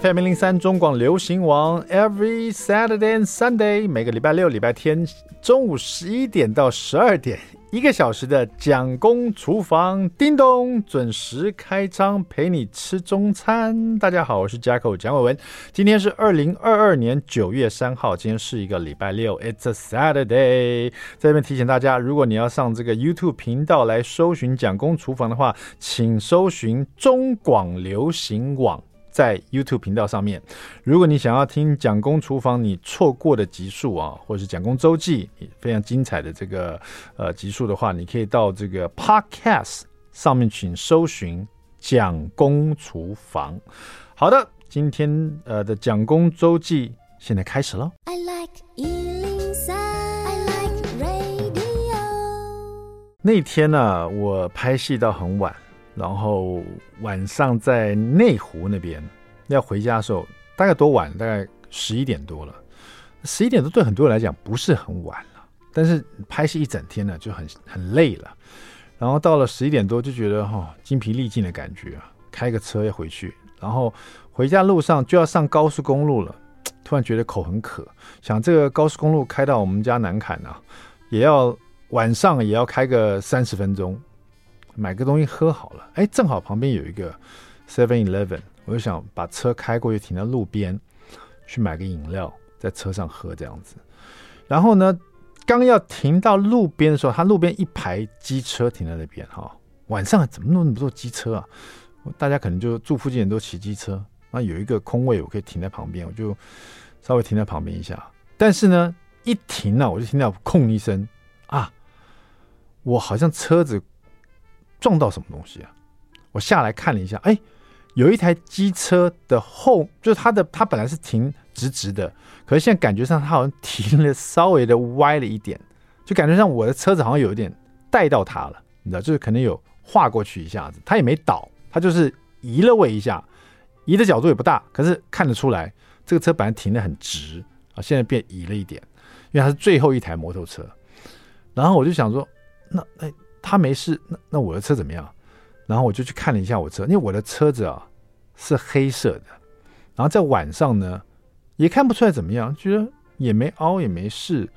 FM 一零三點三中廣流行網，Every Saturday and Sunday，每個禮拜六、禮拜天中午十一點到十二點，一個小時的蔣公廚房，叮咚準時開張，陪你吃中餐。大家好，我是 Jaco 蔣偉文。今天是二零二二年九月三號，今天是一個禮拜六，It's a Saturday。在這邊提醒大家，如果你要上這個 YouTube 頻道來搜尋蔣公廚房的話，請搜尋中廣流行網。在 YouTube 頻道上面，如果你想要聽《蔣公廚房》你錯過的集數啊，或者是《蔣公周記》非常精彩的這個呃集數的話，你可以到這個 Podcast 上面請搜尋《蔣公廚房》。好的，今天呃的《蔣公周記》現在開始嘍。I like radio。那天呢，啊，我拍戲到很晚。然後晚上在內湖那邊要回家的時候，大概多晚？大概十一點多了。十一點多對很多人來講不是很晚了，但是拍戲一整天呢就很很累了。然後到了十一點多就覺得哈、哦，筋疲力盡的感覺啊，開個車要回去。然後回家路上就要上高速公路了，突然覺得口很渴，想這個高速公路開到我們家南坎啊，也要晚上也要開個三十分鐘。買個東西喝好了，哎，正好旁邊有一個 Seven Eleven，我就想把車開過去停到路邊去買個飲料，在車上喝這樣子。然後呢，剛要停到路邊的時候，他路邊一排機車停在那邊，哈、哦，晚上怎麼弄那麼多機車啊？大家可能就住附近人都騎機車，那有一個空位我可以停在旁邊，我就稍微停在旁邊一下。但是呢，一停呢、啊，我就聽到“空”一聲啊，我好像車子。撞到什麼東西啊？我下來看了一下，哎，有一台機車的後，就是它的，它本來是停直直的，可是現在感覺上它好像停了稍微的歪了一點，就感覺上我的車子好像有一點帶到它了，你知道，就是可能有劃過去一下子，它也沒倒，它就是移了位一下，移的角度也不大，可是看得出來這個車本來停得很直啊，現在變移了一點，因為它是最後一台摩托車，然後我就想說，那哎。他沒事，那那我的車怎麼樣？然後我就去看了一下我車，因為我的車子啊是黑色的，然後在晚上呢也看不出來怎麼樣，覺得也沒凹也沒事，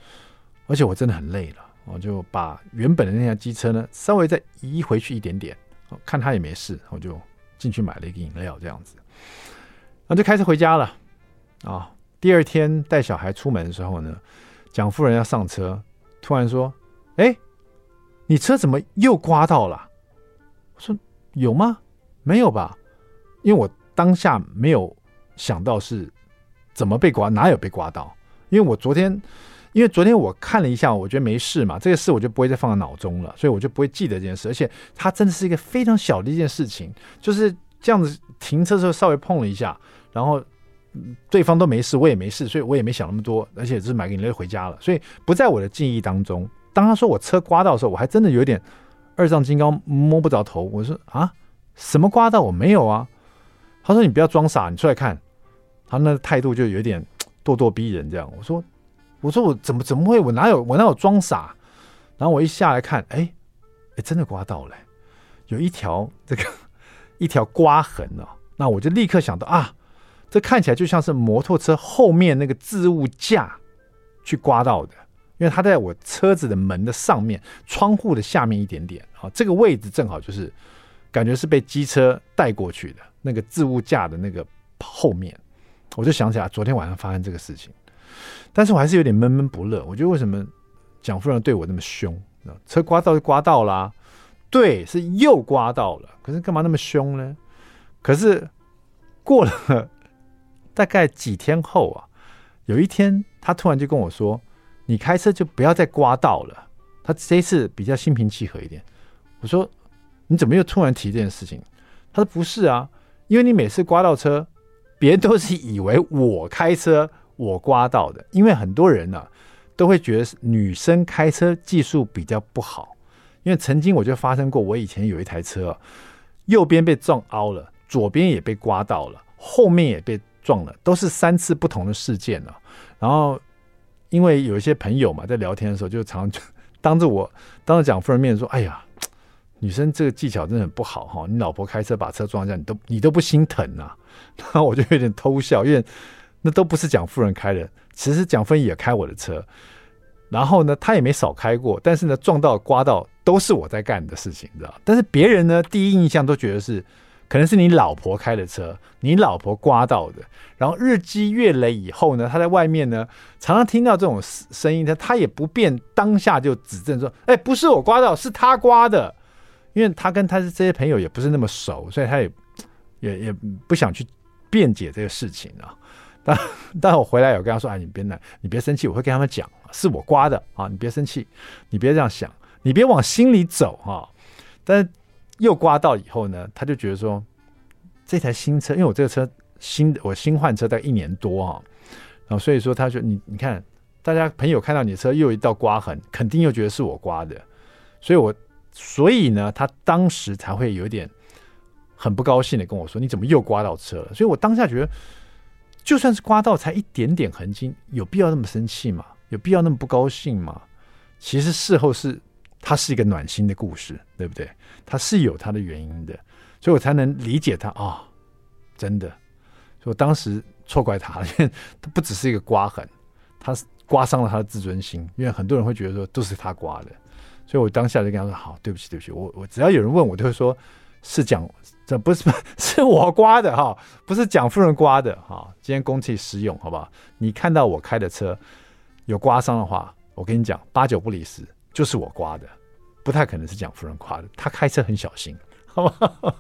而且我真的很累了，我就把原本的那台機車呢稍微再移回去一點點，哦，看他也沒事，我就進去買了一個飲料這樣子，然後就開車回家了。啊、哦，第二天帶小孩出門的時候呢，蔣夫人要上車，突然說：“哎。”你車怎麼又刮到了啊？我說有嗎？沒有吧，因為我當下沒有想到是怎麼被刮，哪有被刮到？因為我昨天，因為昨天我看了一下，我覺得沒事嘛，這個事我就不會再放在腦中了，所以我就不會記得這件事。而且它真的是一個非常小的一件事情，就是這樣子停車的時候稍微碰了一下，然後對方都沒事，我也沒事，所以我也沒想那麼多，而且就是買個飲料回家了，所以不在我的記憶當中。當他說我車刮到的時候，我還真的有點二丈金剛摸不着頭。我說啊，什麼刮到？我沒有啊。他說你不要裝傻，你出來看。他那態度就有點咄咄逼人，這樣。我說我說我怎麼怎麼會？我哪有我哪有裝傻？然後我一下來看，哎哎，真的刮到了，有一條這個一條刮痕哦、喔。那我就立刻想到啊，這看起來就像是摩托車後面那個置物架去刮到的。因為他在我車子的門的上面，窗戶的下面一點點，好，這個位置正好就是感覺是被機車帶過去的那個置物架的那個後面，我就想起來昨天晚上發生這個事情，但是我還是有點悶悶不樂。我覺得，為什麼蔣夫人對我那麼兇？車刮到就刮到啦，對，是又刮到了，可是幹嘛那麼兇呢？可是過了大概幾天後啊，有一天他突然就跟我說。你開車就不要再刮到了。他這次比較心平氣和一點。我說：“你怎麼又突然提這件事情？”他說：“不是啊，因為你每次刮到車，別人都是以為我開車我刮到的。因為很多人啊都會覺得女生開車技術比較不好。因為曾經我就發生過，我以前有一台車，右邊被撞凹了，左邊也被刮到了，後面也被撞了，都是三次不同的事件了。然後。”因為有一些朋友嘛，在聊天的時候就常常就當着我，當着蔣夫人面說：“哎呀，女生這個技巧真的很不好哈、哦！你老婆開車把車撞下，你都你都不心疼吶、啊？”然後我就有點偷笑，因為那都不是蔣夫人開的，其實蔣夫人也開我的車，然後呢，他也沒少開過，但是呢，撞到刮到都是我在幹的事情，你知道吧？但是別人呢，第一印象都覺得是。可能是你老婆開的車，你老婆刮到的。然後日積月累以後呢，他在外面呢，常常聽到這種聲音，他他也不便當下就指證說：“哎、欸，不是我刮到，是他刮的。”因為他跟他的這些朋友也不是那麼熟，所以他也也也不想去辯解這個事情啊。但但我回來，我跟他說：“哎，你別來，你別生氣，我會跟他們講，是我刮的啊，你別生氣，你別這樣想，你別往心裡走啊。但”但又刮到以後呢，他就覺得說，這台新車，因為我這個車新，我新換車大概一年多啊，然後所以說他就你你看，大家朋友看到你的車又有一道刮痕，肯定又覺得是我刮的，所以我所以呢，他當時才會有點很不高興的跟我說，你怎麼又刮到車了？所以我當下覺得，就算是刮到才一點點痕跡，有必要那麼生氣嗎？有必要那麼不高興嗎？其實事後是。他是一個暖心的故事，對不對？他是有他的原因的，所以我才能理解他啊、哦！真的，所以我當時錯怪他了，因為他不只是一個刮痕，他刮傷了他的自尊心。因為很多人會覺得說，都是他刮的，所以我當下就跟他說：“好，對不起，對不起，我我只要有人問我，就會說是蔣，這不是是我刮的哈，不是蔣夫人刮的哈。今天公器私用，好不好？你看到我開的車有刮傷的話，我跟你講，八九不離十。”就是我刮的，不太可能是蔣夫人誇的。他開車很小心，好不 好？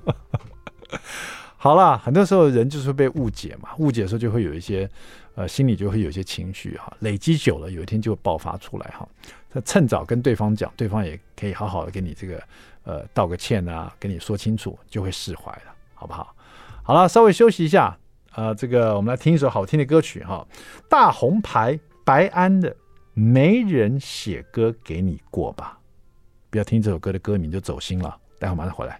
好了，很多時候人就是會被誤解嘛，誤解的時候就會有一些，呃，心裡就會有一些情緒哈，累積久了，有一天就會爆發出來哈。那趁早跟對方講，對方也可以好好的給你這個，呃，道個歉啊，跟你說清楚，就會釋懷了，好不好？好了，稍微休息一下，呃，這個我們來聽一首好聽的歌曲哈，《大紅牌》，白安的。沒人寫歌給你過吧？不要聽這首歌的歌名就走心了。待會兒馬上回來。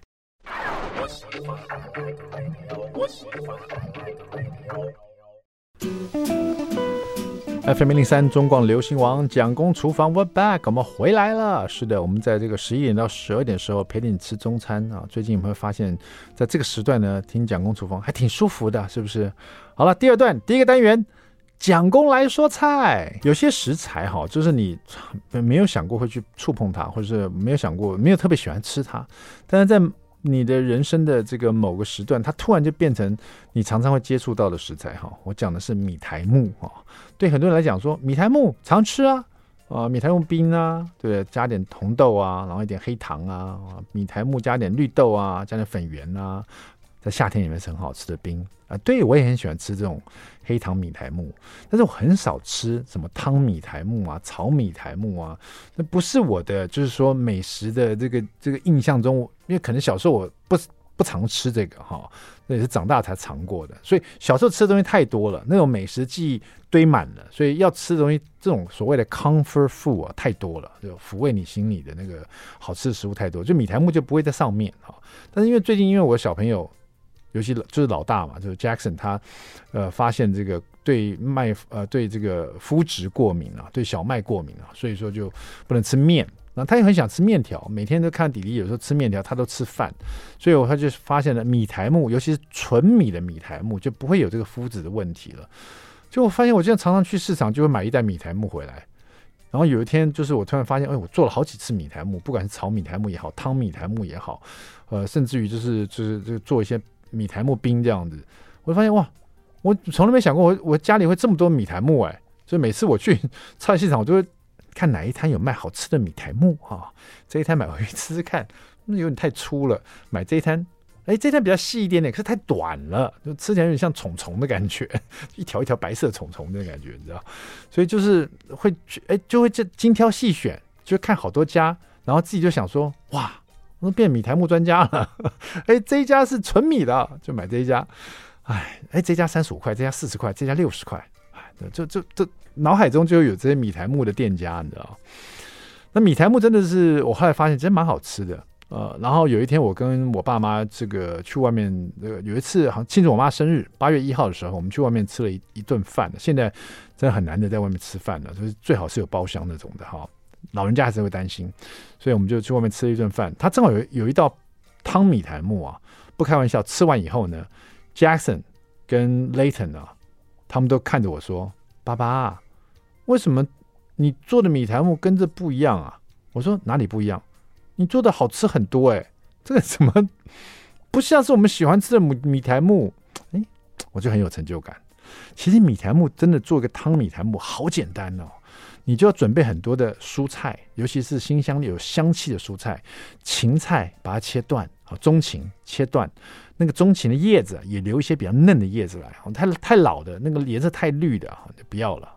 FM 零零三中廣流行網蔣公廚房 we're back，我們回來了。是的，我們在這個十一點到十二點的時候陪你吃中餐啊。最近你們會發現，在這個時段呢，聽蔣公廚房還挺舒服的，是不是？好了，第二段第一個單元。蔣公來說菜，有些食材哈，就是你沒有想過會去觸碰它，或者是沒有想過，沒有特別喜歡吃它，但是在你的人生的這個某個時段，它突然就變成你常常會接觸到的食材哈。我講的是米苔目。對很多人來講說米苔目常吃啊，啊米苔目冰啊，對，加點紅豆啊，然後一點黑糖啊，米苔目加點綠豆啊，加點粉圓啊。在夏天裡面是很好吃的冰啊！對我也很喜歡吃這種黑糖米苔目，但是我很少吃什麼湯米苔目啊，炒米苔目啊，那不是我的，就是說美食的這個這個印象中，因為可能小時候我不不常吃這個哈，那、哦、也是長大才嘗過的，所以小時候吃的東西太多了，那種美食記憶堆滿了，所以要吃的東西這種所謂的 comfort food 啊太多了，就撫慰你心裡的那個好吃的食物太多，就米苔目就不會在上面哈、哦。但是因為最近因為我小朋友。尤其就是老大嘛，就是 Jackson，他，呃，發現這個對麥呃對這個麩質過敏啊，對小麥過敏啊，所以說就不能吃麵。那他也很想吃麵條，每天都看弟弟有時候吃麵條，他都吃飯，所以我他就發現了米苔目，尤其是純米的米苔目就不會有這個麩質的問題了。就我發現，我經常常去市場就會買一袋米苔目回來，然後有一天就是我突然發現，哎，我做了好幾次米苔目，不管是炒米苔目也好，湯米苔目也好，呃，甚至於就是就是就做一些。米苔目冰這樣子，我就發現哇，我從來沒想過我我家裡會這麼多米苔目哎、欸，所以每次我去菜市場，我都會看哪一攤有賣好吃的米苔目哈、啊，這一攤買回去吃吃看，那有點太粗了，買這一攤，哎、欸、這一攤比較細一點點、欸，可是太短了，就吃起來有點像蟲蟲的感覺，一條一條白色蟲蟲的感覺，你知道，所以就是會哎、欸、就會這精挑細選，就會看好多家，然後自己就想說哇。我變米苔目專家了，哎，這一家是純米的，就買這一家。哎，哎，這家三十五塊，這家四十塊，這家六十塊。哎，就就就這腦海中就有這些米苔目的店家，你知道？那米苔目真的是我後來發現，真的蠻好吃的。呃，然後有一天我跟我爸媽這個去外面，那個有一次好像慶祝我媽生日，八月一號的時候，我們去外面吃了一一頓飯。現在真的很難得在外面吃飯了，所以最好是有包廂那種的哈。老人家還是會擔心，所以我們就去外面吃了一頓飯。他正好有有一道湯米苔目啊，不開玩笑，吃完以後呢，Jackson 跟 Layton 啊，他們都看着我說：“爸爸，為什麼你做的米苔目跟這不一樣啊？”我說：“哪裡不一樣？你做的好吃很多哎，這個怎麼不像是我們喜歡吃的米米苔目，哎，我就很有成就感。其實米苔目真的做一個湯米苔目好簡單哦。你就要準備很多的蔬菜，尤其是新香有香氣的蔬菜，芹菜把它切斷啊，中芹切斷，那個中芹的葉子也留一些比較嫩的葉子來，太太老的那個顏色太綠的哈，不要了，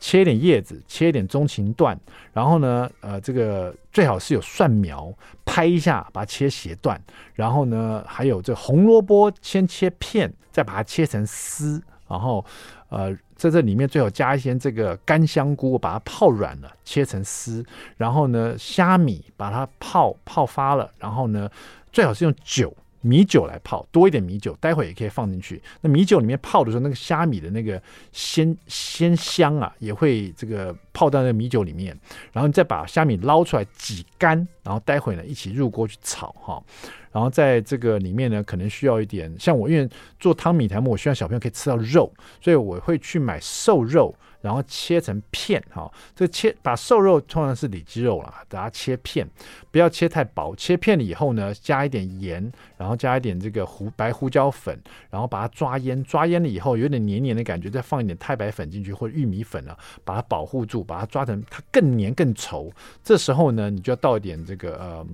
切一點葉子，切一點中芹段，然後呢，呃，這個最好是有蒜苗，拍一下把它切斜段，然後呢，還有這紅蘿蔔先切片，再把它切成絲，然後。呃，在這裡面最好加一些這個乾香菇，把它泡軟了，切成絲。然後呢，蝦米把它泡泡發了。然後呢，最好是用酒。米酒來泡，多一點米酒，待會兒也可以放進去。那米酒裡面泡的時候，那個蝦米的那個鮮鮮香啊，也會這個泡到那個米酒裡面。然後你再把蝦米撈出來擠乾，然後待會兒呢，一起入鍋去炒哈。然後在這個裡面呢，可能需要一點，像我因為做湯米苔目，我希望小朋友可以吃到肉，所以我會去買瘦肉。然後切成片哈、哦，這切把瘦肉，通常是里脊肉啦，把它切片，不要切太薄。切片了以後呢，加一點鹽，然後加一點這個胡白胡椒粉，然後把它抓醃，抓醃了以後有點黏黏的感覺，再放一點太白粉進去或者玉米粉啊，把它保護住，把它抓成它更黏更稠。這時候呢，你就要倒一點這個呃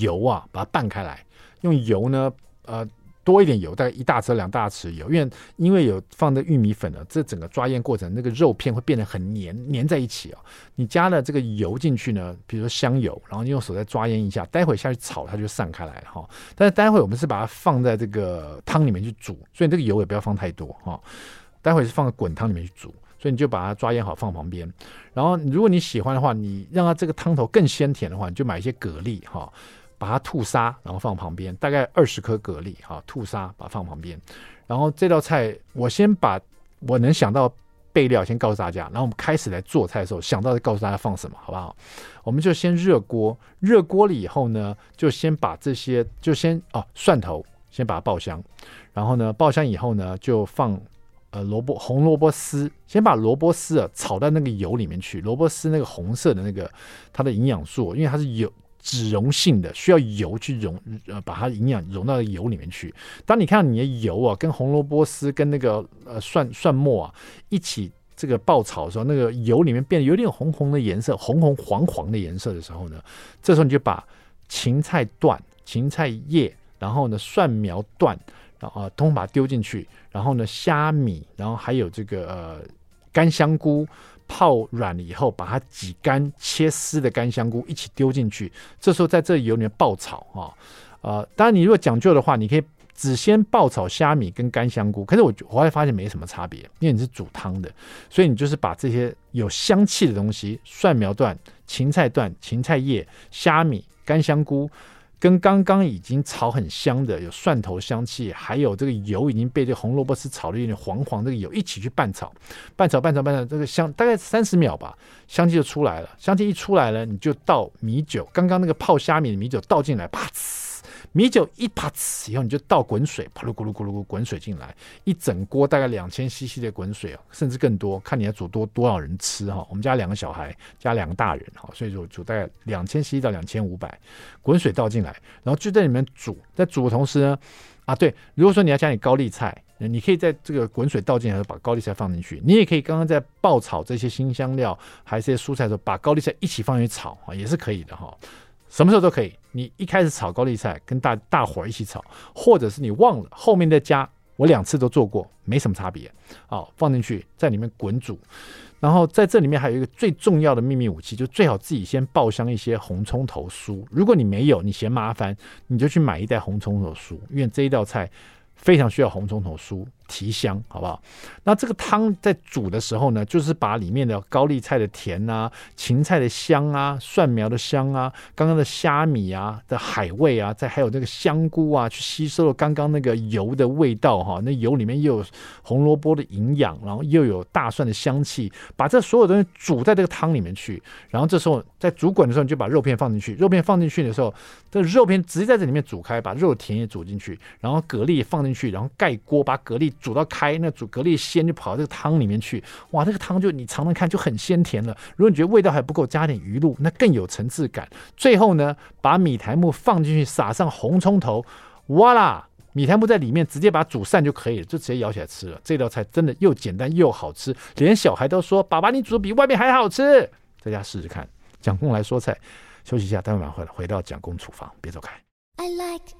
油啊，把它拌開來。用油呢，呃。多一點油，大概一大匙，兩大匙油，因為因為有放的玉米粉呢，這整個抓醃過程，那個肉片會變得很黏，黏在一起啊，哦。你加了這個油進去呢，比如說香油，然後你用手再抓醃一下，待會下去炒它就散開來了哈，哦。但是待會我們是把它放在這個湯裡面去煮，所以這個油也不要放太多哈，哦。待會是放在滾湯裡面去煮，所以你就把它抓醃好放旁邊。然後如果你喜歡的話，你讓它這個湯頭更鮮甜的話，你就買一些蛤蜊哈。哦把它吐沙，然後放旁邊，大概二十顆蛤蜊，好吐沙，把它放旁邊。然後這道菜，我先把我能想到的備料先告訴大家，然後我們開始來做菜的時候想到再告訴大家放什麼，好不好？我們就先熱鍋，熱鍋了以後呢，就先把這些，就先哦、啊、蒜頭，先把它爆香。然後呢，爆香以後呢，就放呃蘿蔔紅蘿蔔絲，先把蘿蔔絲啊炒到那個油裡面去。蘿蔔絲那個紅色的那個它的營養素，因為它是油。脂溶性的需要油去溶，呃，把它營養融到油裡面去。當你看到你的油啊，跟紅蘿蔔絲、跟那個呃蒜蒜末啊一起這個爆炒的時候，那個油裡面變得有點紅紅的顏色，紅紅黃黃的顏色的時候呢，這時候你就把芹菜段、芹菜葉，然後呢蒜苗段，然後通通、呃、把它丟進去，然後呢蝦米，然後還有這個、呃、乾香菇。泡軟了以後，把它擠乾、切絲的乾香菇一起丟進去。這時候在這裡油裡面爆炒啊，哦，呃，當然你如果講究的話，你可以只先爆炒蝦米跟乾香菇。可是我我後來發現沒什麼差別，因為你是煮湯的，所以你就是把這些有香氣的東西：蒜苗段、芹菜段、芹菜葉、蝦米、乾香菇。跟剛剛已經炒很香的，有蒜頭香氣，還有這個油已經被這個紅蘿蔔絲炒的有點黃黃，這個油一起去拌炒，拌炒拌炒拌炒，這個香大概三十秒吧，香氣就出來了。香氣一出來了，你就倒米酒，剛剛那個泡蝦米的米酒倒進來，啪米酒一啪呲以後，你就倒滾水，啪嚕咕嚕咕嚕咕滾水進來，一整鍋大概兩千 cc 的滾水哦，甚至更多，看你要煮多多少人吃哈。我們家兩個小孩加兩個大人哈，所以就煮大概兩千 cc 到兩千五百滾水倒進來，然後就在裡面煮，在煮的同時呢，啊對，如果說你要加你高麗菜，你可以在這個滾水倒進來的時候把高麗菜放進去，你也可以剛剛在爆炒這些辛香料還是些蔬菜的時候把高麗菜一起放進去炒，也是可以的哈，什麼時候都可以。你一開始炒高麗菜，跟大大夥一起炒，或者是你忘了後面的加，我兩次都做過，沒什麼差別。好，放進去在裡面滾煮，然後在這裡面還有一個最重要的秘密武器，就最好自己先爆香一些紅蔥頭酥。如果你沒有，你嫌麻煩，你就去買一袋紅蔥頭酥，因為這一道菜非常需要紅蔥頭酥。提香好不好？那這個湯在煮的時候呢，就是把裡面的高麗菜的甜啊、芹菜的香啊、蒜苗的香啊、剛剛的蝦米啊的海味啊，再還有那個香菇啊，去吸收了剛剛那個油的味道哈、啊。那油裡面又有紅蘿蔔的營養，然後又有大蒜的香氣，把這所有東西煮在這個湯裡面去。然後這時候在煮滾的時候，你就把肉片放進去。肉片放進去的時候，這個、肉片直接在這裡面煮開，把肉甜也煮進去，然後蛤蜊也放進去，然後蓋鍋把蛤蜊，煮到開，那煮蛤蜊鮮就跑到這個湯裡面去，哇，這個湯就你嘗嘗看就很鮮甜了。如果你覺得味道還不夠，加點魚露，那更有層次感。最後呢，把米苔目放進去，撒上紅蔥頭，哇啦！米苔目在裡面直接把它煮散就可以了，就直接舀起來吃了。這道菜真的又簡單又好吃，連小孩都說，爸爸你煮的比外面還好吃。在家試試看。蔣公來說菜，休息一下，待會兒晚回來，回到蔣公廚房，別走開。I like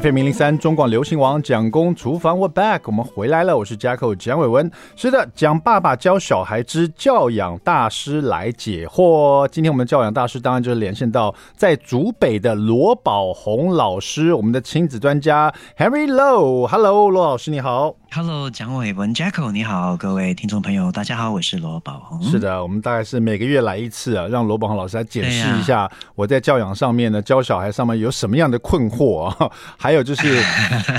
FM 零零三中廣流行網，蔣公廚房 We're back，我們回來了。我是 Jacko 蔣偉文，是的，蔣爸爸教小孩之教養大師來解惑。今天我們教養大師當然就是連線到在竹北的羅寶鴻老師，我們的親子專家 Henry Low，Hello，羅老師你好。Hello，蔣偉文 Jacko，你好，各位聽眾朋友，大家好，我是羅寶鴻。是的，我們大概是每個月來一次啊，讓羅寶鴻老師來解釋一下我在教養上面呢，啊、教小孩上面有什麼樣的困惑啊？還有就是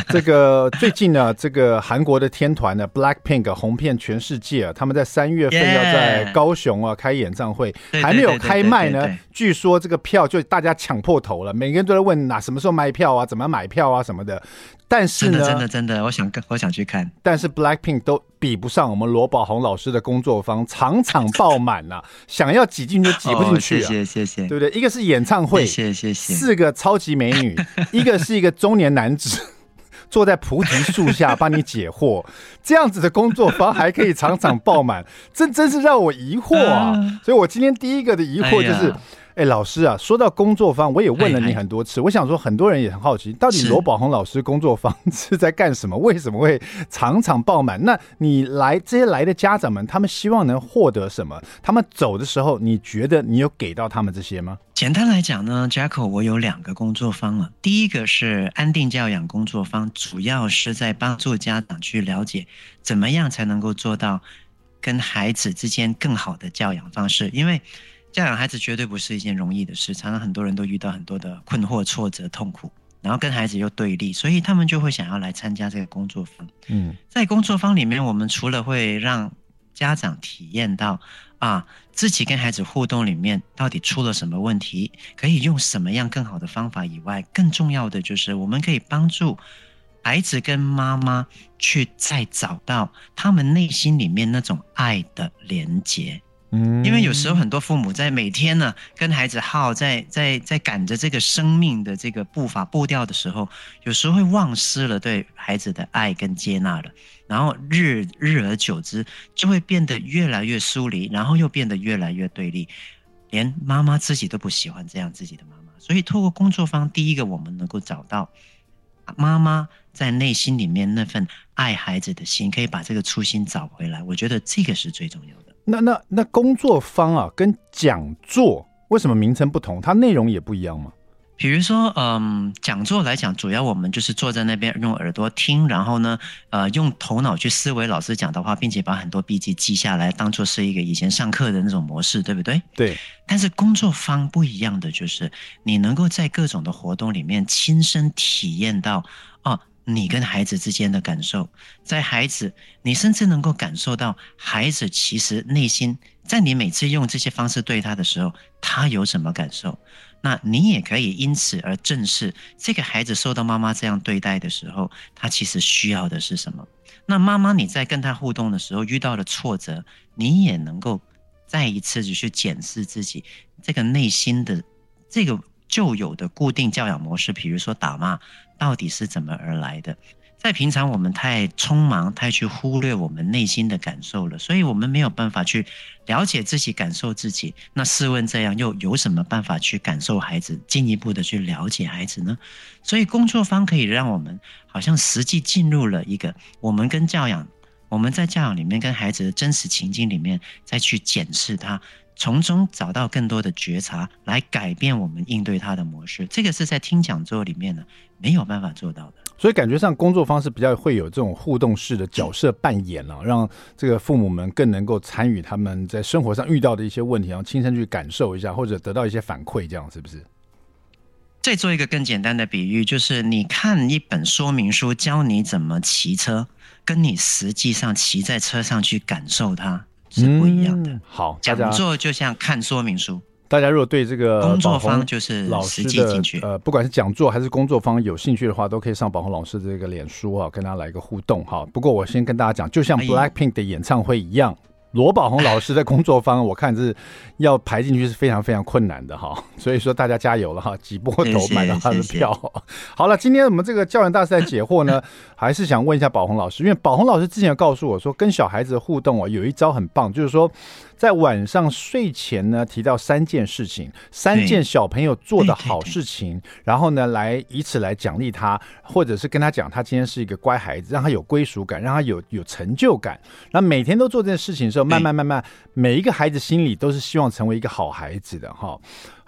這個 最近呢，這個韓國的天團呢，Blackpink 紅遍全世界啊，他們在三月份要在高雄啊 Yeah 開演唱會，還沒有開賣呢，據說這個票就大家搶破頭了，每個人都在問哪、啊、什麼時候賣票啊，怎麼買票啊什麼的。但是呢，真的，真的真的，我想跟我想去看。但是 Blackpink 都比不上我們羅寶紅老師的工作坊，場場爆滿啊！ 想要擠進去擠不進去。謝謝謝謝，對不對？一個是演唱會，謝謝謝謝，謝謝四個超級美女，一個是一個中年男子 坐在菩提樹下幫你解惑，這樣子的工作方還可以場場爆滿，這真是讓我疑惑啊！呃、所以我今天第一個的疑惑就是。哎哎，老師啊，說到工作坊，我也問了你很多次。哎、我想說，很多人也很好奇，到底羅寶鴻老師工作坊是在幹什麼？是為什麼會場場爆滿？那你來這些來的家長們，他們希望能獲得什麼？他們走的時候，你覺得你有給到他們這些嗎？簡單來講呢，Jacko，我有兩個工作坊了。第一個是安定教養工作坊，主要是在幫助家長去了解怎麼樣才能夠做到跟孩子之間更好的教養方式，因為。教養孩子絕對不是一件容易的事，常常很多人都遇到很多的困惑、挫折、痛苦，然後跟孩子又對立，所以他們就會想要來參加這個工作坊。嗯，在工作坊裡面，我們除了會讓家長體驗到啊自己跟孩子互動裡面到底出了什麼問題，可以用什麼樣更好的方法以外，更重要的就是我們可以幫助孩子跟媽媽去再找到他們內心裡面那種愛的連接。嗯，因為有時候很多父母在每天呢跟孩子耗在在在趕着這個生命的這個步伐步調的時候，有時候會忘失了對孩子的愛跟接納了，然後日日而久之就會變得越來越疏離，嗯、然後又變得越來越對立，連媽媽自己都不喜歡這樣自己的媽媽。所以，透過工作坊第一個我們能夠找到媽媽在內心裡面那份愛孩子的心，可以把這個初心找回來。我覺得這個是最重要的。那那那工作坊啊，跟講座為什麼名稱不同？它內容也不一樣嗎？比如說，嗯、呃，講座來講，主要我們就是坐在那邊用耳朵聽，然後呢，呃，用頭腦去思維老師講的話，並且把很多筆記記下來，當做是一個以前上課的那種模式，對不對？對。但是工作坊不一樣的就是，你能夠在各種的活動裡面親身體驗到啊。你跟孩子之間的感受，在孩子，你甚至能夠感受到孩子其實內心，在你每次用這些方式對他的時候，他有什麼感受？那你也可以因此而正視這個孩子受到媽媽這樣對待的時候，他其實需要的是什麼？那媽媽你在跟他互動的時候遇到了挫折，你也能夠再一次去檢視自己這個內心的這個。舊有的固定教養模式，比如說打罵，到底是怎麼而來的？在平常我們太匆忙，太去忽略我們內心的感受了，所以我們沒有辦法去了解自己、感受自己。那試問這樣又有什麼辦法去感受孩子，進一步的去了解孩子呢？所以工作坊可以讓我們好像實際進入了一個我們跟教養，我們在教養裡面跟孩子的真實情境裡面，再去檢視他。從中找到更多的覺察，來改變我們應對他的模式，這個是在聽講座裡面呢沒有辦法做到的。所以感覺上，工作方式比較會有這種互動式的角色扮演了、啊，嗯、讓這個父母們更能夠參與他們在生活上遇到的一些問題，然後親身去感受一下，或者得到一些反饋，這樣是不是？再做一個更簡單的比喻，就是你看一本說明書教你怎麼騎車，跟你實際上騎在車上去感受它。是不一樣的。嗯、好，講座就像看說明書。大家如果對這個工作方就是老司機進去。呃，不管是講座還是工作方有興趣的話，都可以上寶鴻老師的這個臉書啊，跟大家來一個互動哈。不過我先跟大家講，就像 Blackpink 的演唱會一樣。哎羅寶鴻老師的工作坊，我看是要排進去是非常非常困難的哈，所以說大家加油了哈，擠破頭買到他的票。是是是是。好了，今天我們這個教養大師在解惑呢，還是想問一下寶鴻老師，因為寶鴻老師之前告訴我說，跟小孩子的互動啊，有一招很棒，就是說。在晚上睡前呢，提到三件事情，三件小朋友做的好事情，然後呢，來以此來獎勵他，或者是跟他講他今天是一個乖孩子，讓他有歸屬感，讓他有有成就感。那每天都做這件事情的時候，慢慢慢慢，每一個孩子心裡都是希望成為一個好孩子的哈。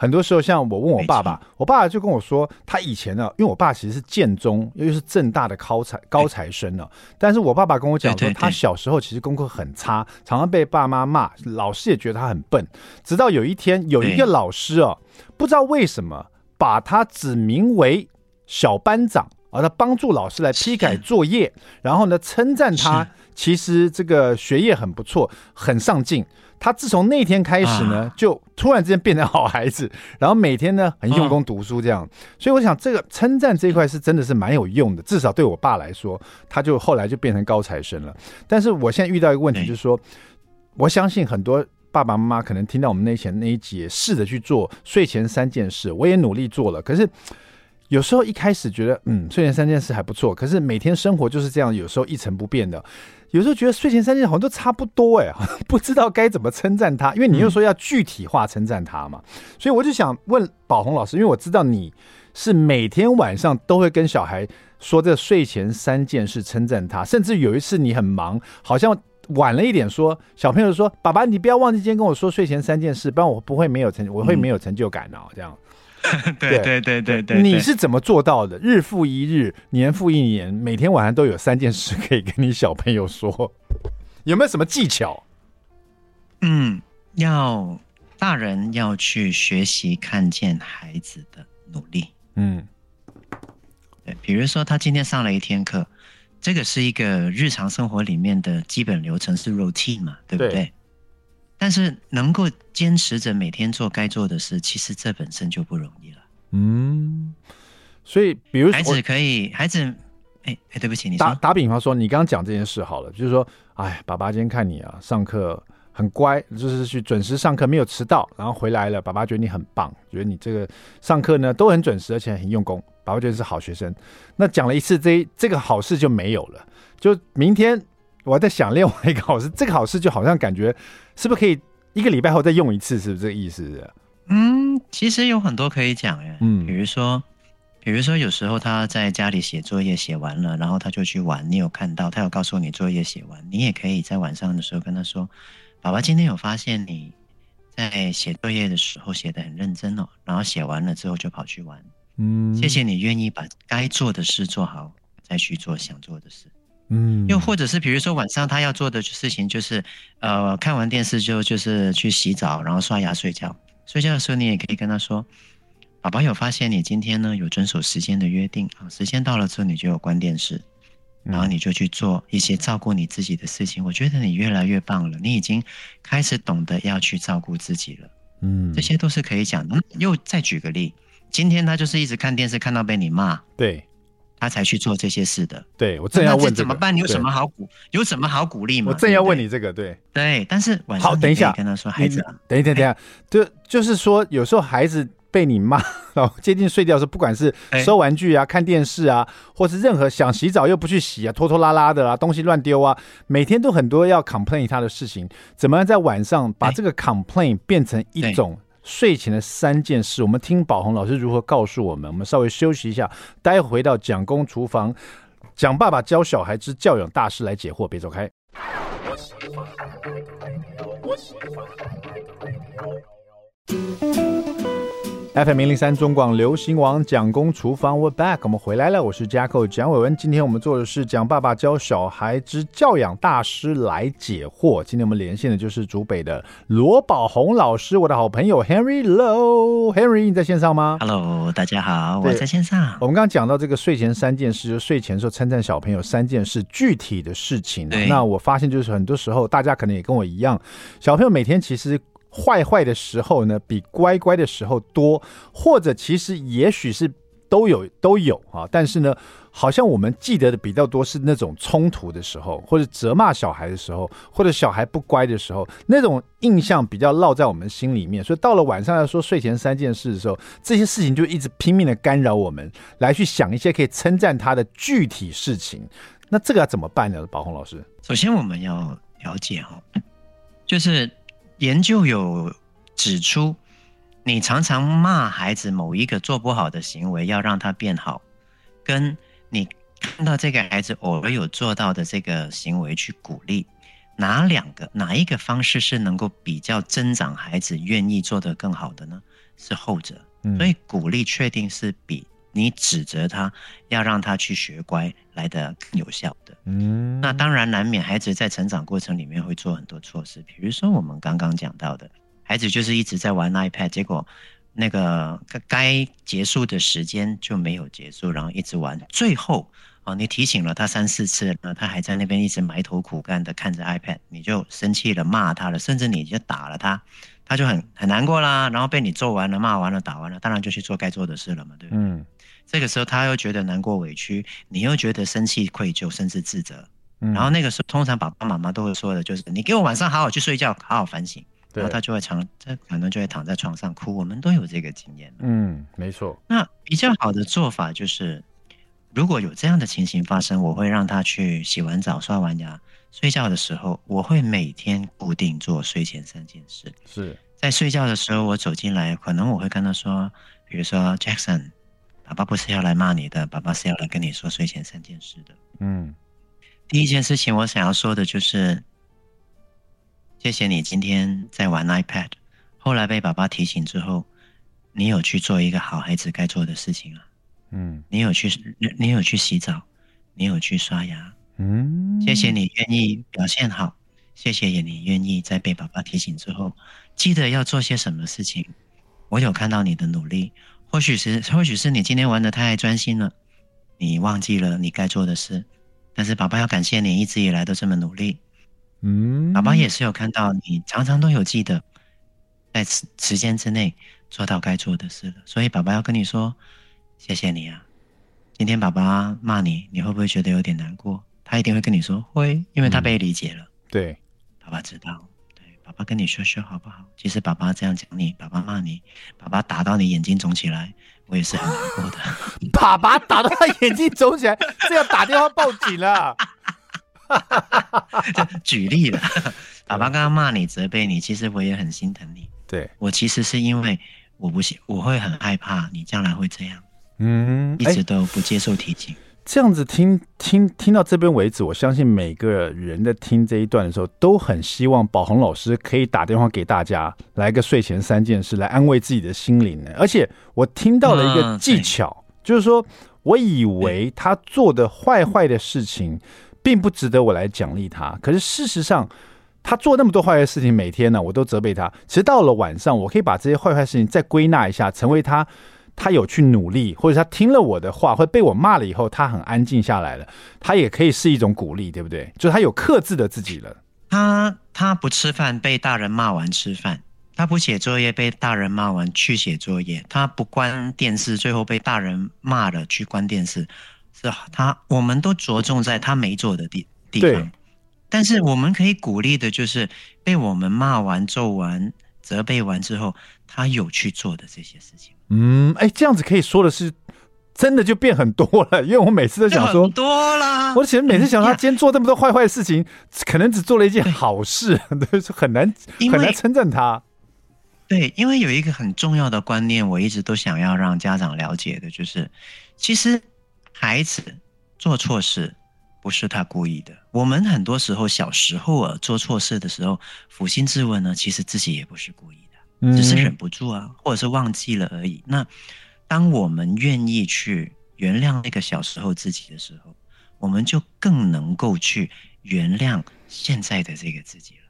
很多時候，像我問我爸爸，我爸爸就跟我說，他以前呢、啊，因為我爸其實是建中，又就是政大的高材高材生了，啊。但是我爸爸跟我講說，說，他小時候其實功課很差。對對對，常常被爸媽罵，老師也覺得他很笨。直到有一天，有一個老師哦、啊，不知道為什麼把他指名為小班長，而他幫助老師來批改作業，是 然後呢稱讚他，是 其實這個學業很不錯，很上進。他自從那天開始呢，啊、就。突然之間變成好孩子，然後每天呢很用功讀書這樣，所以我想這個稱讚這一塊是真的是蠻有用的，至少對我爸來說，他就後來就變成高材生了。但是我現在遇到一個問題，就是說，我相信很多爸爸媽媽可能聽到我們那前那一集，試着去做睡前三件事，我也努力做了，可是有時候一開始覺得嗯，睡前三件事還不錯，可是每天生活就是這樣，有時候一成不變的。有時候覺得睡前三件好像都差不多哎、欸，不知道該怎麼稱讚他，因為你又說要具體化稱讚他嘛，嗯、所以我就想問寶鴻老師，因為我知道你是每天晚上都會跟小孩說這睡前三件事稱讚他，甚至有一次你很忙，好像。晚了一點說，小朋友說：“爸爸，你不要忘記今天跟我說睡前三件事，不然我不會沒有成，我會沒有成就感的哦。嗯”這樣。 對對對對，對，對。你是怎麼做到的？日復一日，年復一年，每天晚上都有三件事可以跟你小朋友說，有沒有什麼技巧？嗯，要大人要去學習看見孩子的努力。嗯，比如說他今天上了一天課。這個是一個日常生活裡面的基本流程，是 routine 嘛，對不對？對。但是能夠堅持着每天做該做的事，其實這本身就不容易了。嗯，所以比如說孩子可以，孩子，哎哎，對不起，你說。打打比方說，你剛剛講這件事好了，就是說，哎，爸爸今天看你啊，上課。很乖，就是去準時上課，沒有遲到，然後回來了。爸爸覺得你很棒，覺得你這個上課呢，都很準時，而且很用功。爸爸覺得是好學生。那講了一次，這一這個好事就沒有了，就明天我還在想另外一個好事，這個好事就好像感覺是不是可以一個禮拜後再用一次？是不是這個意思？嗯，其實有很多可以講呀。嗯，比如說，比如說有時候他在家裡寫作業寫完了，然後他就去玩。你有看到他有告訴你作業寫完，你也可以在晚上的時候跟他說。寶寶今天有發現你在寫作業的時候寫的很認真哦，然後寫完了之後就跑去玩。嗯，謝謝你願意把該做的事做好，再去做想做的事。嗯，又或者是比如說晚上他要做的事情就是，呃，看完電視之後就是去洗澡，然後刷牙睡覺。睡覺的時候你也可以跟他說，寶寶有發現你今天呢有遵守時間的約定啊，時間到了之後你就有關電視。然後你就去做一些照顧你自己的事情，嗯、我覺得你越來越棒了，你已經開始懂得要去照顧自己了，嗯，這些都是可以講的、嗯。又再舉個例，今天他就是一直看電視，看到被你罵，對他才去做這些事的。對，我正要問、這個、怎麼辦，你有什麼好，對有什麼好鼓，有什麼好鼓勵嗎？我正要問你這個，對對，但是晚上等一下跟他說孩子，等一等，等一下，就就是說有時候孩子。被你罵，然後接近睡覺時候，不管是收玩具啊、看電視啊，或是任何想洗澡又不去洗啊、拖拖拉拉的、啊、東西亂丟啊，每天都很多要 complain 他的事情。怎麼樣在晚上把這個 complain 變成一種睡前的三件事？哎、我們聽寶鴻老師如何告訴我們。我們稍微休息一下，待會回到蔣公廚房，蔣爸爸教小孩之教養大師來解惑，別走開。FM 零零三中廣流行網蔣公廚房，We're Back，我們回來了。我是 j a jack o 蔣偉文，今天我們做的是蔣爸爸教小孩之教養大師來解惑。今天我們連線的就是竹北的羅寶鴻老師，我的好朋友 owe, Henry Low，Henry 你在線上嗎？Hello，大家好， 我在線上。我們剛剛講到這個睡前三件事，就是、睡前的時候稱讚小朋友三件事具體的事情。欸、那我發現就是很多時候大家可能也跟我一樣，小朋友每天其實。壞壞的時候呢，比乖乖的時候多，或者其實也許是都有都有啊，但是呢，好像我們記得的比較多是那種衝突的時候，或者責罵小孩的時候，或者小孩不乖的時候，那種印象比較落在我們心裡面。所以到了晚上要說睡前三件事的時候，這些事情就一直拼命的干擾我們，來去想一些可以稱讚他的具體事情。那這個要怎麼辦呢？寶鴻老師？首先我們要了解哦，就是。研究有指出，你常常罵孩子某一個做不好的行為，要讓他變好，跟你看到這個孩子偶爾有做到的這個行為去鼓勵，哪兩個，哪一個方式是能夠比較增長孩子願意做得更好的呢？是後者，嗯、所以鼓勵確定是比。你指責他，要讓他去學乖來得更有效的，嗯、mm，hmm. 那當然難免孩子在成長過程裡面會做很多錯事，比如說我們剛剛講到的，孩子就是一直在玩 iPad，結果，那個該結束的時間就沒有結束，然後一直玩。最後啊，你提醒了他三四次，那他還在那邊一直埋頭苦幹的看着 iPad，你就生氣了，罵他了，甚至你就打了他，他就很很難過啦，然後被你揍完了、罵完了、打完了，當然就去做該做的事了嘛，對不對？嗯、mm。Hmm. 這個時候他又覺得難過委屈，你又覺得生氣愧疚，甚至自責。嗯、然後那個時候，通常爸爸媽媽都會說的就是：“你給我晚上好好去睡覺，好好反省。對”然後他就會躺，他可能就會躺在床上哭。我們都有這個經驗。嗯，沒錯。那比較好的做法就是，如果有這樣的情形發生，我會讓他去洗完澡、刷完牙、睡覺的時候，我會每天固定做睡前三件事。是在睡覺的時候，我走進來，可能我會跟他說，比如說 Jackson。爸爸不是要來罵你的，爸爸是要來跟你說睡前三件事的。嗯，第一件事情我想要說的就是，謝謝你今天在玩 iPad，後來被爸爸提醒之後，你有去做一個好孩子該做的事情啊。嗯，你有去你有去洗澡，你有去刷牙。嗯，謝謝你願意表現好，謝謝你願意在被爸爸提醒之後記得要做些什麼事情，我有看到你的努力。或許是，或許是你今天玩的太專心了，你忘記了你該做的事。但是，爸爸要感謝你一直以來都這麼努力。嗯，爸爸也是有看到你常常都有記得，在此時間之內，做到該做的事了。所以，爸爸要跟你說，謝謝你啊。今天爸爸罵你，你會不會覺得有點難過？他一定會跟你說會，因為他被理解了。嗯、對，爸爸知道。爸爸跟你說說好不好？其實爸爸這樣講你，爸爸罵你，爸爸打到你眼睛腫起來，我也是很難過的。 爸爸打到他眼睛腫起來，這樣 要打電話報警了。哈 舉例了。爸爸剛剛罵你、責備你，其實我也很心疼你。對，我其實是因為我不信，我會很害怕你將來會這樣。嗯，一直都不接受提醒。欸這樣子聽聽聽到這邊為止，我相信每個人在聽這一段的時候，都很希望寶鴻老師可以打電話給大家來個睡前三件事，來安慰自己的心靈呢。而且我聽到了一個技巧，嗯、就是說我以為他做的壞壞的事情，並不值得我來獎勵他。可是事實上，他做那麼多壞的事情，每天呢、啊、我都責備他。其實到了晚上，我可以把這些壞壞事情再歸納一下，成為他。他有去努力，或者他聽了我的話，或者被我罵了以後，他很安靜下來了。他也可以是一種鼓勵，對不對？就是他有克制的自己了。他他不吃飯，被大人罵完吃飯；他不寫作業，被大人罵完去寫作業；他不關電視，最後被大人罵了去關電視。是他，他我們都着重在他沒做的地地方。對。但是我們可以鼓勵的，就是被我們罵完做完。責備完之後，他有去做的這些事情。嗯、哎、欸，這樣子可以說的是，真的就變很多了。因為我每次都想說，很多了。我其實每次想他今天做這麼多壞壞的事情，嗯，可能只做了一件好事，對 很難為很難稱讚他。對，因為有一個很重要的觀念，我一直都想要讓家長了解的，就是其實孩子做錯事。不是他故意的。我們很多時候小時候啊做錯事的時候，捫心自問呢，其實自己也不是故意的，只是忍不住啊，或者是忘記了而已。那當我們願意去原諒那個小時候自己的時候，我們就更能夠去原諒現在的這個自己了。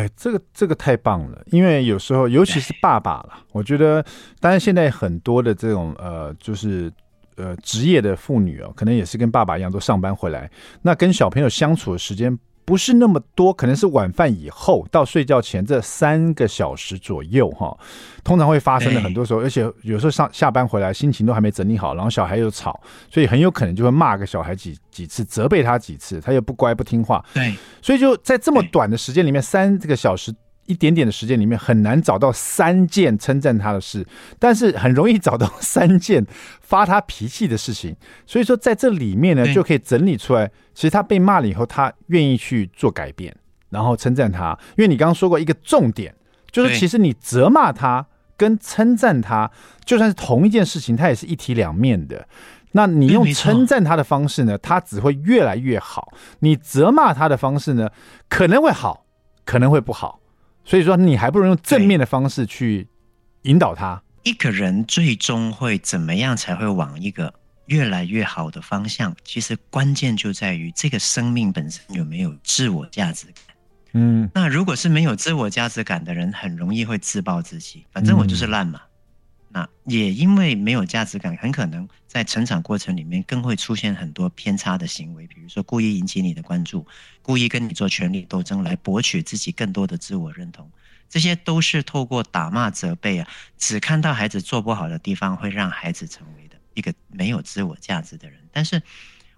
哎，這個這個太棒了！因為有時候，尤其是爸爸了，對我覺得，當然現在很多的這種呃，就是。呃，職業的婦女哦，可能也是跟爸爸一樣都上班回來，那跟小朋友相處的時間不是那麼多，可能是晚飯以後到睡覺前這三個小時左右哈，通常會發生的很多時候，欸、而且有時候上下班回來心情都還沒整理好，然後小孩又吵，所以很有可能就會罵個小孩幾幾次，責備他幾次，他又不乖不聽話，對、欸，所以就在這麼短的時間裡面，三個小時。一點點的時間裡面很難找到三件稱讚他的事，但是很容易找到三件發他脾氣的事情。所以說在這裡面呢，嗯、就可以整理出來。其實他被罵了以後，他願意去做改變，然後稱讚他。因為你剛剛說過一個重點，就是其實你責罵他跟稱讚他，就算是同一件事情，他也是一體兩面的。那你用稱讚他的方式呢，他只會越來越好；你責罵他的方式呢，可能會好，可能會不好。所以說，你還不如用正面的方式去引導他。一個人最終會怎麼樣，才會往一個越來越好的方向？其實關鍵就在於這個生命本身有沒有自我價值感。嗯，那如果是沒有自我價值感的人，很容易會自暴自棄。反正我就是爛嘛。嗯那、啊、也因為沒有價值感，很可能在成長過程裡面更會出現很多偏差的行為，比如說故意引起你的關注，故意跟你做權力鬥爭來博取自己更多的自我認同。這些都是透過打罵、責備啊，只看到孩子做不好的地方，會讓孩子成為的一個沒有自我價值的人。但是，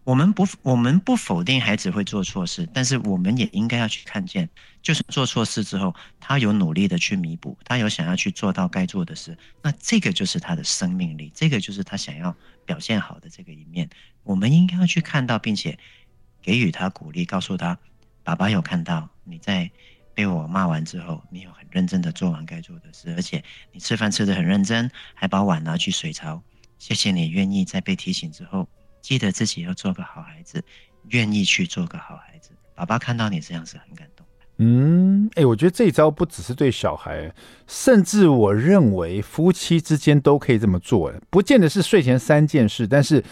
我們不，我們不否定孩子會做錯事，但是我們也應該要去看見，就是做錯事之後，他有努力的去彌補，他有想要去做到該做的事，那這個就是他的生命力，這個就是他想要表現好的這個一面。我們應該要去看到，並且給予他鼓勵，告訴他，爸爸有看到你在被我罵完之後，你有很認真的做完該做的事，而且你吃飯吃得很認真，還把碗拿去水槽，謝謝你願意在被提醒之後。記得自己要做個好孩子，願意去做個好孩子。爸爸看到你這樣子很感動。嗯，哎、欸，我覺得這一招不只是對小孩，甚至我認為夫妻之間都可以這麼做。不見得是睡前三件事，但是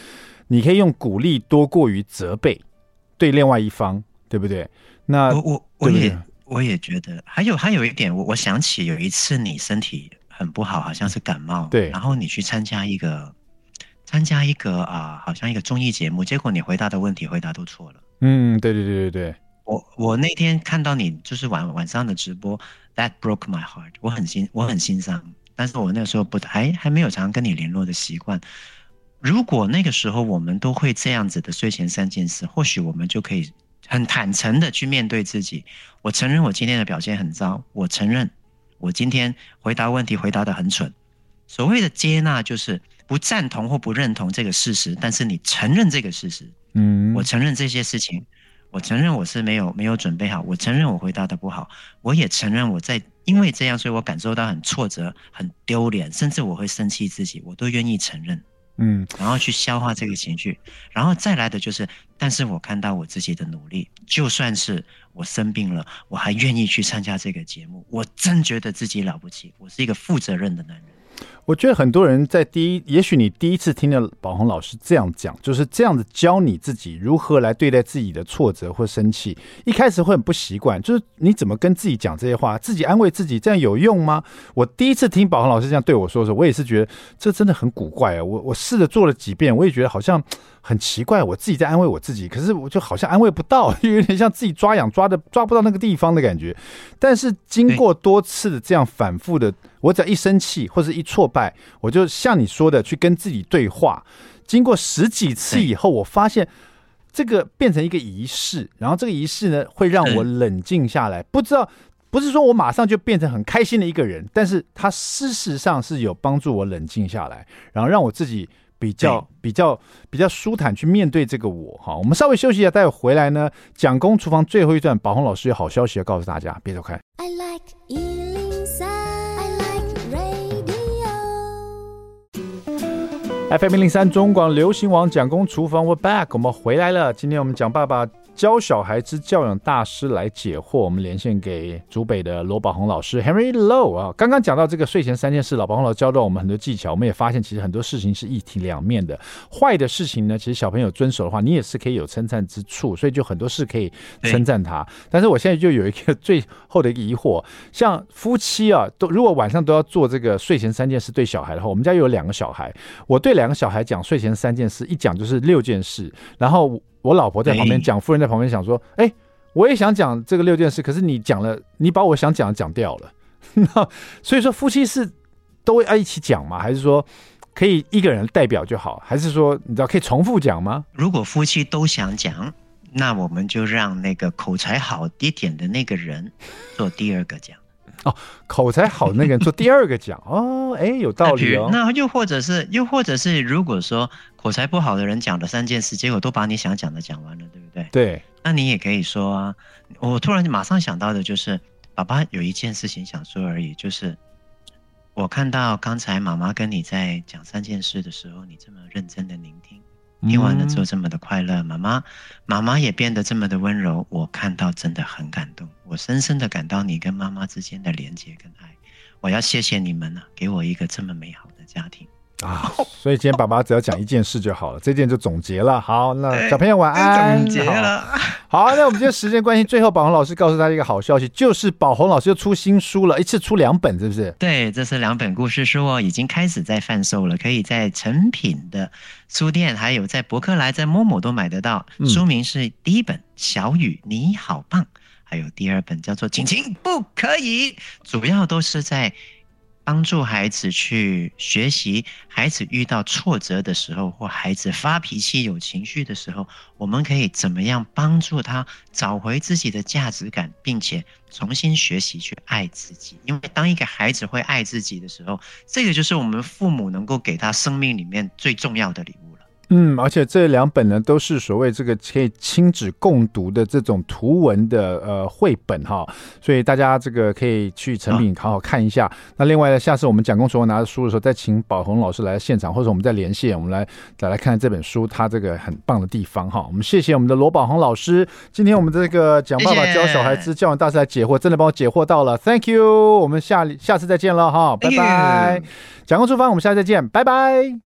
你可以用鼓勵多過於責備對另外一方，對不對？那我我我也對對我也覺得。還有還有一點，我我想起有一次你身體很不好，好像是感冒。對。然後你去參加一個。參加一個啊、呃，好像一個綜藝節目，結果你回答的問題回答都錯了。嗯，對對對對對，我我那天看到你就是晚晚上的直播，That broke my heart，我很欣，我很欣賞。嗯、但是我那個時候不太還，還沒有常跟你聯絡的習慣。如果那個時候我們都會這樣子的睡前三件事，或許我們就可以很坦誠的去面對自己。我承認我今天的表現很糟，我承認我今天回答問題回答得很蠢。所謂的接納就是。不贊同或不認同這個事實，但是你承認這個事實。嗯，我承認這些事情，我承認我是沒有沒有準備好，我承認我回答的不好，我也承認我在因為這樣，所以我感受到很挫折、很丟臉，甚至我會生氣自己，我都願意承認。嗯，然後去消化這個情緒，然後再來的就是，但是我看到我自己的努力，就算是我生病了，我還願意去參加這個節目，我真覺得自己了不起，我是一個負責任的男人。我覺得很多人在第一，也許你第一次聽到寶鴻老師這樣講，就是這樣子教你自己如何來對待自己的挫折或生氣。一開始會很不習慣，就是你怎麼跟自己講這些話，自己安慰自己，這樣有用嗎？我第一次聽寶鴻老師這樣對我說的時候，我也是覺得這真的很古怪啊！我我試着做了幾遍，我也覺得好像很奇怪，我自己在安慰我自己，可是我就好像安慰不到，就有點像自己抓癢抓的抓不到那個地方的感覺。但是經過多次的這樣反覆的，我只要一生氣或者一挫，拜，我就像你說的去跟自己對話，經過十幾次以後，我發現這個變成一個儀式，然後這個儀式呢會讓我冷靜下來。不知道，不是說我馬上就變成很開心的一個人，但是他事實上是有幫助我冷靜下來，然後讓我自己比較比較比較舒坦去面對這個我哈。我們稍微休息一下，待會回來呢，蔣公廚房最後一段。寶鴻老師有好消息要告訴大家，別走開。I like FM 103中廣流行網蔣公廚房，We're back，我們回來了。今天我們講爸爸。教小孩之教養大師來解惑，我們連線給竹北的羅寶鴻老師 Henry Low 啊。剛剛講到這個睡前三件事，羅寶鴻老師教到我們很多技巧，我們也發現其實很多事情是一體兩面的。壞的事情呢，其實小朋友遵守的話，你也是可以有稱讚之處，所以就很多事可以稱讚他。但是我現在就有一個最後的疑惑，像夫妻啊，都如果晚上都要做這個睡前三件事對小孩的話，我們家又有兩個小孩，我對兩個小孩講睡前三件事，一講就是六件事，然後。我老婆在旁邊講，夫人在旁邊想說：“哎、欸，我也想講這個六件事，可是你講了，你把我想講的講掉了。 ”哈，那所以說，夫妻是都要一起講嗎？還是說可以一個人代表就好？還是說你知道可以重複講嗎？如果夫妻都想講，那我們就讓那個口才好一點的那個人做第二個講。 哦，口才好那個人做第二個講 哦，哎，有道理哦。那又或者是，又或者是，如果說口才不好的人講了三件事，結果都把你想講的講完了，對不對？對，那你也可以說，啊，我突然馬上想到的就是，爸爸有一件事情想說而已，就是我看到剛才媽媽跟你在講三件事的時候，你這麼認真的聆聽。聽完了之後，這麼的快樂，媽媽，媽媽也變得這麼的溫柔，我看到真的很感動，我深深的感到你跟媽媽之間的連接跟愛，我要謝謝你們呢、啊，給我一個這麼美好的家庭。啊，所以今天爸爸只要講一件事就好了，哦、這件就總結了。好，那小朋友晚安。總結了好了。好，那我們今天時間關係， 最後寶鴻老師告訴大家一個好消息，就是寶鴻老師又出新書了，一次出兩本，是不是？對，這是兩本故事書，哦，已經開始在販售了，可以在誠品的書店，還有在博客來、在 momo 都買得到。嗯、書名是第一本《小雨你好棒》，還有第二本叫做《親親不可以》，主要都是在。幫助孩子去學習，孩子遇到挫折的時候，或孩子發脾氣、有情緒的時候，我們可以怎麼樣幫助他找回自己的價值感，並且重新學習去愛自己。因為當一個孩子會愛自己的時候，這個就是我們父母能夠給他生命裡面最重要的禮物。嗯，而且這兩本呢，都是所謂這個可以親子共讀的這種圖文的呃繪本哈，所以大家這個可以去誠品好好看一下。哦、那另外，呢，下次我們蔣公廚房拿的書的時候，再請寶鴻老師來現場，或者我們再連線，我們來再來看這本書，它這個很棒的地方哈、哦。我們謝謝我們的羅寶鴻老師，今天我們這個蔣爸爸教小孩子、哎、呀教養大師來解惑，真的幫我解惑到了、哎、呀，Thank you。我們下下次再見了哈，拜拜。蔣公廚房，我們下次再見，拜拜。